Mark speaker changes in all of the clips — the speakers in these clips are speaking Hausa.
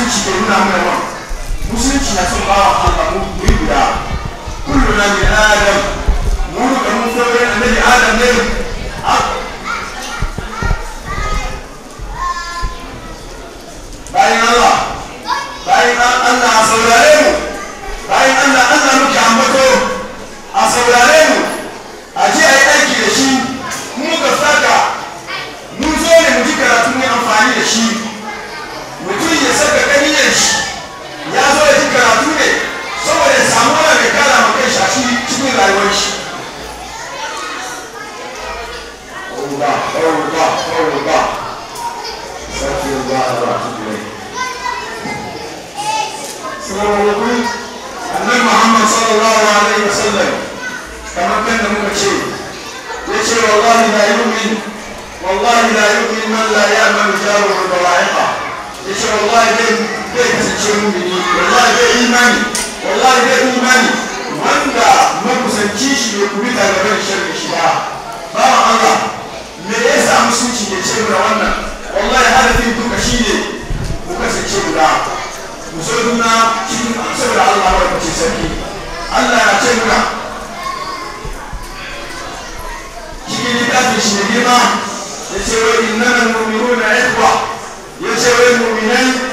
Speaker 1: musulunci ke nuna mana wani musulunci na son bawa Allah mu guri guda kullu na min adam mu da mun fara annabi adam ne wallahi bai imani wallahi bai imani wanda makusanci shi ya kubi da ban shirin shi ba ba Allah me yasa musulunci ke ce da wannan wallahi hadafin duka shi ne mu kasance guda mu so juna cikin amsar da Allah wa ce sarki Allah ya ce muna cikin littafin shi ne ma ya ce wa innamal mu'minuna ikhwa ya ce wa mu'minai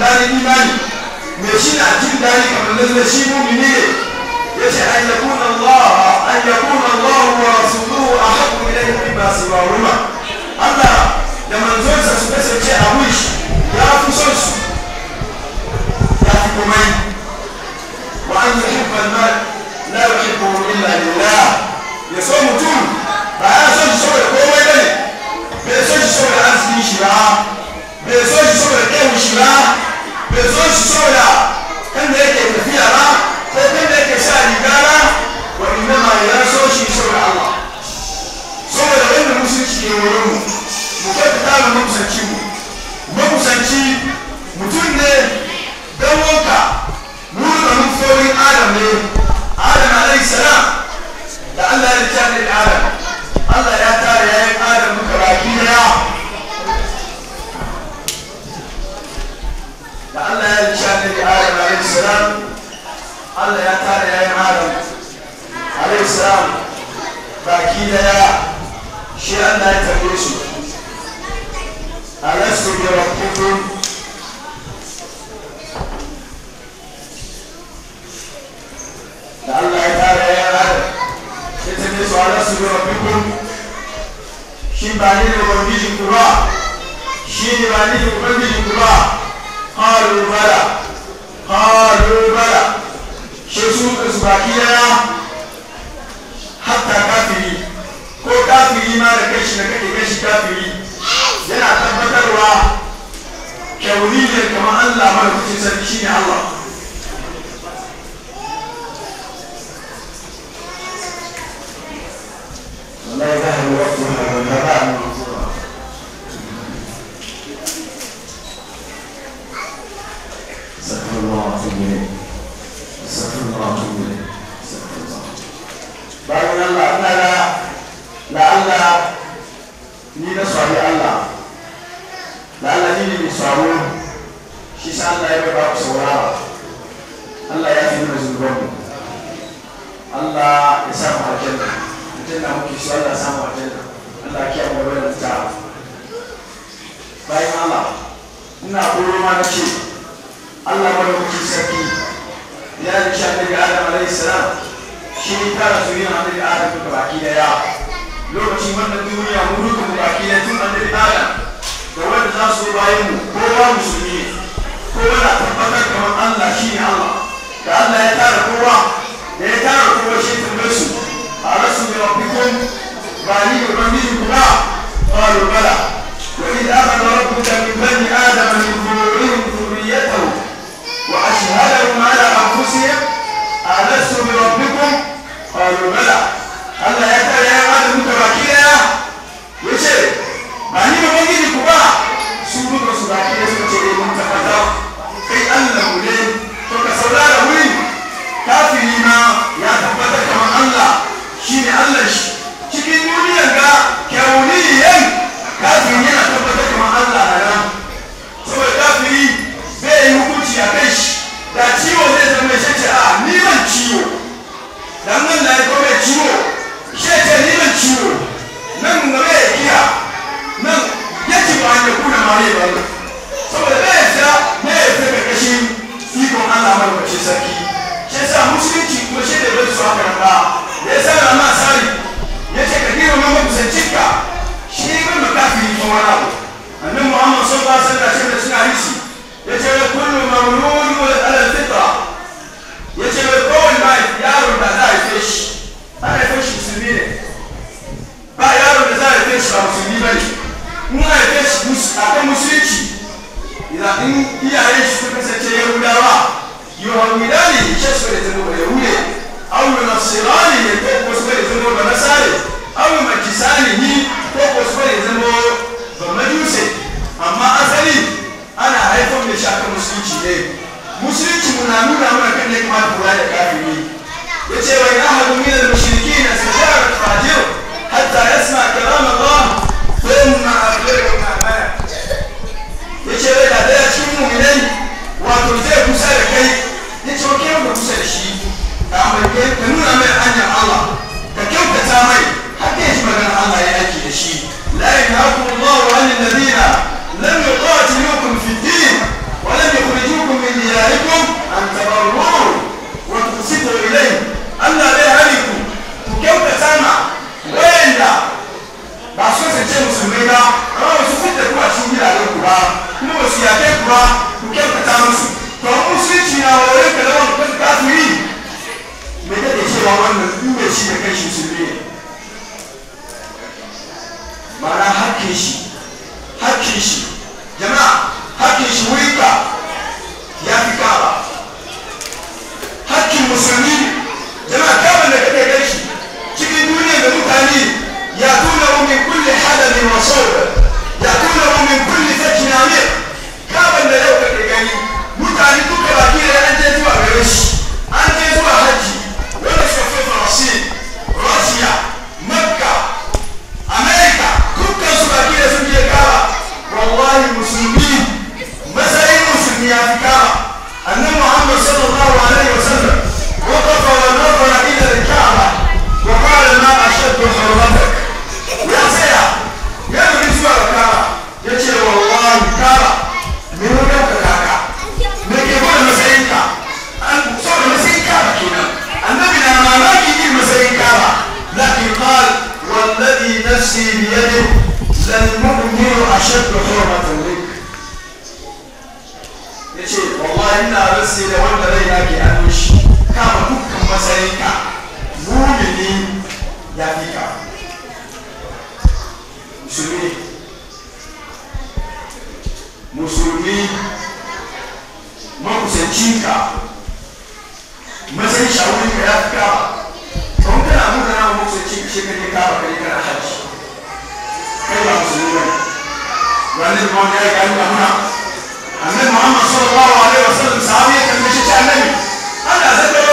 Speaker 1: daɗin imani mai shi na jin daɗi kamar lalle shi mumini ne ya ce an yakun Allah an yakun Allah wa rasuluhu a haƙu ilai min ba wa ba ruma Allah da manzonsa su kasance a wish ya fi son ya fi komai wa an yuhibba al-mal la yuhibbu illa lillah ya so mutum ba ya son shi saboda komai bane bai son shi saboda arzikin shi ba bai son shi saboda ɗaya shi ba bai zo shi saboda kan da yake tafiya ba ko kan da yake sa riga ba wa inna ma ya so shi saboda Allah saboda wanda musulunci ne wurin mu mu kai ta mu musulunci mu alaihissalam baki daya shi an allah ya tafi su a alastu da rabbukun da allah ya tara ya rada ya tafi su alastu da rabbukun shi ba ni da ubangijin ku ba shi ne ba ni da ubangijin ku ba qalu bala qalu bala shi su baki daya kafiri ma da kai shi da kake kai shi kafiri yana tabbatarwa
Speaker 2: kyauriyar kamar Allah malakacin sarki shine Allah
Speaker 1: لا يذهب وقتها والهباء منظورا استغفر الله واتوب اليه استغفر الله واتوب اليه استغفر الله بعد ان الله sami Allah da Allah ne mu samu shi sa Allah ya ba ku saurara Allah ya fi mana zunubanmu Allah ya sa mu aljanna aljanna muke so Allah ya sa mu aljanna Allah ya kiyaye mu da ta bayan Allah ina koyo ma nace Allah ba mu ki saki ya yi shafi ga Adam alaihi salam shi ta rasu yin Adam da baki daya lokacin wannan duniya mu duka bukaki na tun annabi adam da wanda za su bayan mu kowa musulmi ne kowa na tabbatar kamar Allah shi ne Allah da Allah ya tara kowa da ya tara kowa shi tambaye su a rasu da rabbikum ba ni ga ubangiji ku ba qalu bala wa idh akhadha rabbuka min Thank you. musulmi makusancinka masai shawarar ka ya fi kawa tun kana muka na makusancin shi ka ne kawa ka ne kana hajji kai ba musulmi ba ne wani da mawani ya gani ba muna annabi muhammad sallallahu alaihi wasallam sahabi ya kan mishi ta annabi da zai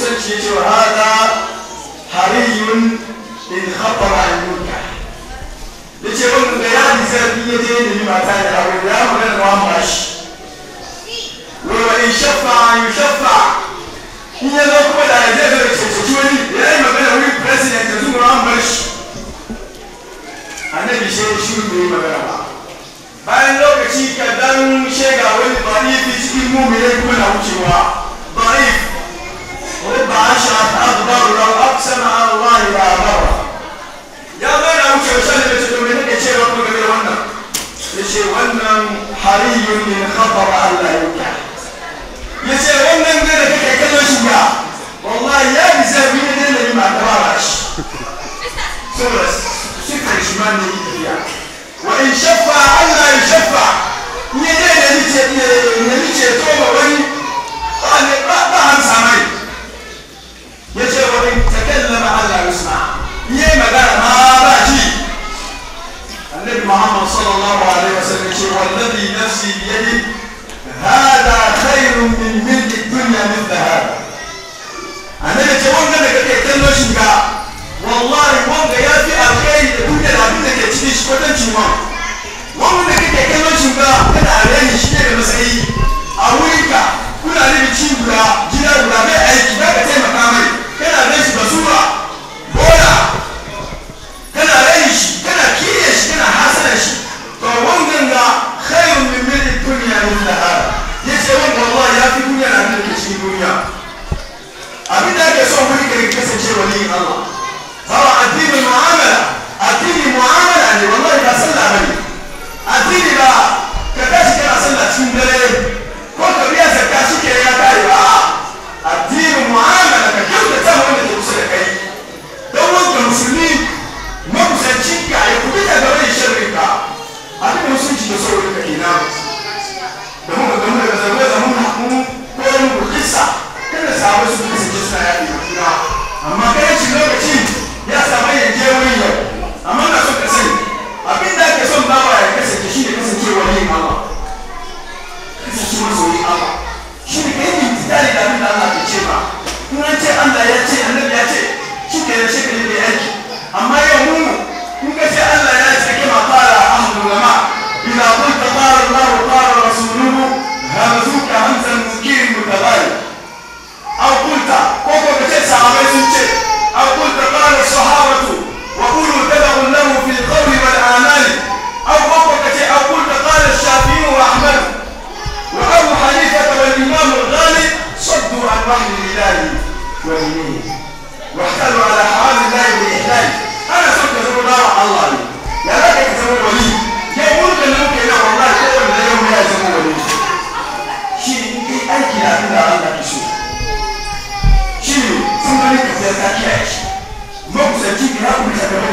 Speaker 1: يسجل هذا حري إن خطر عن المنكر لتقول يقول لك لما تاني أو يا من المهمش وإن شفع يشفع هي لو قبل على ذلك تقولي يا إما بلا وين بريزيدنت يزور مهمش annabi sai shi ne magana ba bayan lokaci kadan shega wani ba cikin mu mai kuma na wucewa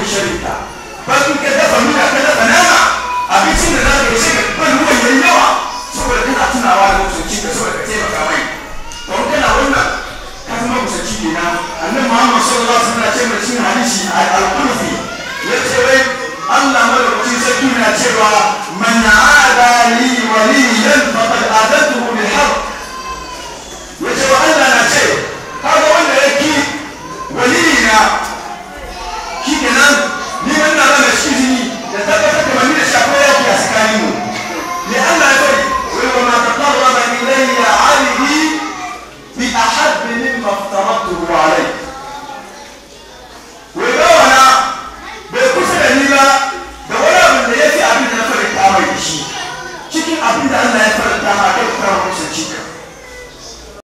Speaker 1: sharika bayan ka dafa nuna ka dafa nama abincin da za ka yi shiga ban ruwan yayi yawa saboda kana tunawa da mutunci da saboda ka taimaka mai to kana wannan ka zama mutunci kenan annabi Muhammad sallallahu alaihi wasallam ce mai cin hadisi al-Qurfi yace wai Allah madaukakin sarki na cewa man aada li waliyan faqad adatu